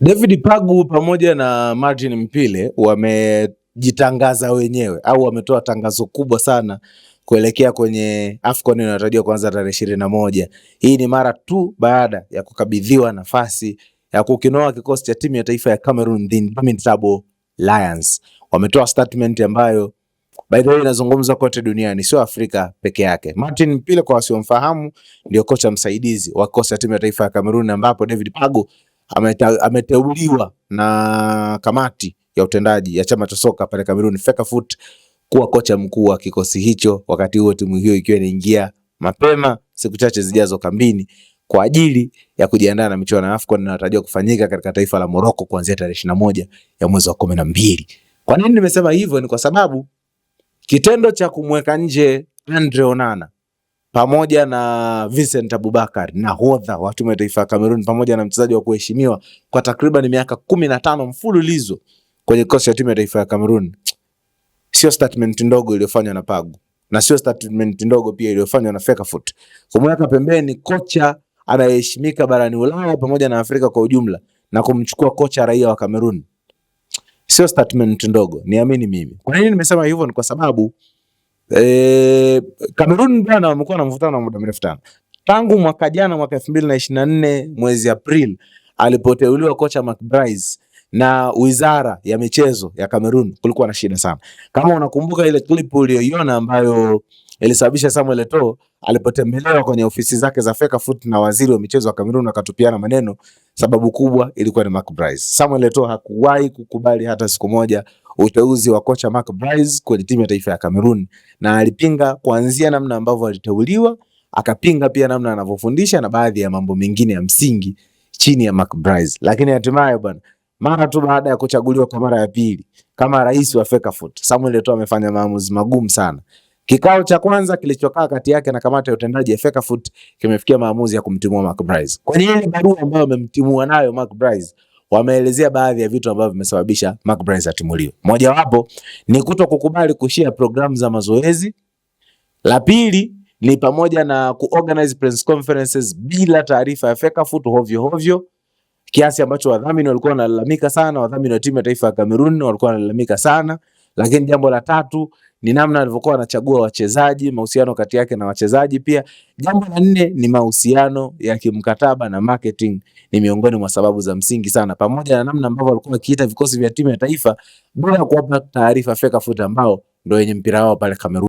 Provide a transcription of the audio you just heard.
David Pagu pamoja na Martin Mpile wamejitangaza wenyewe au wametoa tangazo kubwa sana kuelekea kwenye AFCON inayotarajiwa kuanza tarehe ishirini na moja. Hii ni mara tu baada ya kukabidhiwa nafasi ya kukinoa kikosi cha timu ya taifa ya Cameroon the Indomitable Lions. Wametoa statement ambayo by the way inazungumza kote duniani, sio Afrika peke yake. Martin Mpile kwa wasiomfahamu, ndio kocha msaidizi wa kikosi cha timu ya taifa ya Cameroon, ambapo David Pagu ameteuliwa na kamati ya utendaji ya chama cha soka pale Kameruni Fecafoot kuwa kocha mkuu wa kikosi hicho, wakati huo timu hiyo ikiwa inaingia mapema siku chache zijazo kambini kwa ajili ya kujiandaa na michuano ya AFCON inayotarajiwa kufanyika katika taifa la Morocco kuanzia tarehe ishirini moja ya mwezi wa kumi na mbili. Kwa nini nimesema hivyo? Ni kwa sababu kitendo cha kumweka nje Andre Onana pamoja na Vincent Abubakar nahodha wa timu ya taifa ya Cameroon pamoja na mchezaji wa kuheshimiwa kwa takriban miaka kumi na tano mfululizo kwenye kikosi cha timu ya taifa ya Cameroon. Sio statement ndogo iliyofanywa na Pagu na sio statement ndogo pia iliyofanywa na Fecafoot. Kumweka pembeni kocha anayeheshimika barani Ulaya pamoja na Afrika kwa ujumla na kumchukua kocha raia wa Cameroon. Sio statement ndogo, niamini mimi. Kwa nini nimesema hivyo? Ni kwa sababu Kamerun e, bwana wamekuwa na mvutano wa muda mrefu sana tangu mwaka jana, mwaka elfu mbili na ishirini na nne mwezi Aprili alipoteuliwa kocha McBride na wizara ya michezo ya Kamerun, kulikuwa na shida sana. Kama unakumbuka ile clip uliyoiona ambayo ilisababisha Samuel Eto'o alipotembelewa kwenye ofisi zake za Fecafoot na waziri wa michezo wa Kamerun akatupiana maneno, sababu kubwa ilikuwa ni McBride. Samuel Eto'o hakuwahi kukubali hata siku moja uteuzi wa kocha Marc Brys kwenye timu ya taifa ya Cameroon, na alipinga kuanzia namna ambavyo aliteuliwa, akapinga pia namna anavyofundisha na baadhi ya mambo mengine ya msingi chini ya Marc Brys, lakini hatimaye bwana mara tu baada ya kuchaguliwa kwa mara ya pili kama rais wa Fecafoot, Samuel Eto'o amefanya maamuzi magumu sana. Kikao cha kwanza kilichokaa kati yake na kamati ya utendaji ya Fecafoot kimefikia maamuzi ya kumtimua Marc Brys. Kwa nini barua ambayo amemtimua nayo Marc Brys wameelezea baadhi ya vitu ambavyo vimesababisha Mark Barnes atimuliwe. Mojawapo ni kuto kukubali kushia programu za mazoezi. La pili ni pamoja na kuorganize press conferences bila taarifa ya FECAFOOT hovyo hovyo, kiasi ambacho wadhamini walikuwa wanalalamika sana. Wadhamini wa timu ya taifa ya Cameroon walikuwa wanalalamika sana. Lakini jambo la tatu ni namna alivyokuwa anachagua wachezaji, mahusiano kati yake na wachezaji pia. Jambo la nne ni mahusiano ya kimkataba na marketing, ni miongoni mwa sababu za msingi sana, pamoja na namna ambavyo alikuwa akiita vikosi vya timu ya taifa bila kuwapa taarifa Fecafoot ambao ndio wenye mpira wao pale Kamerun.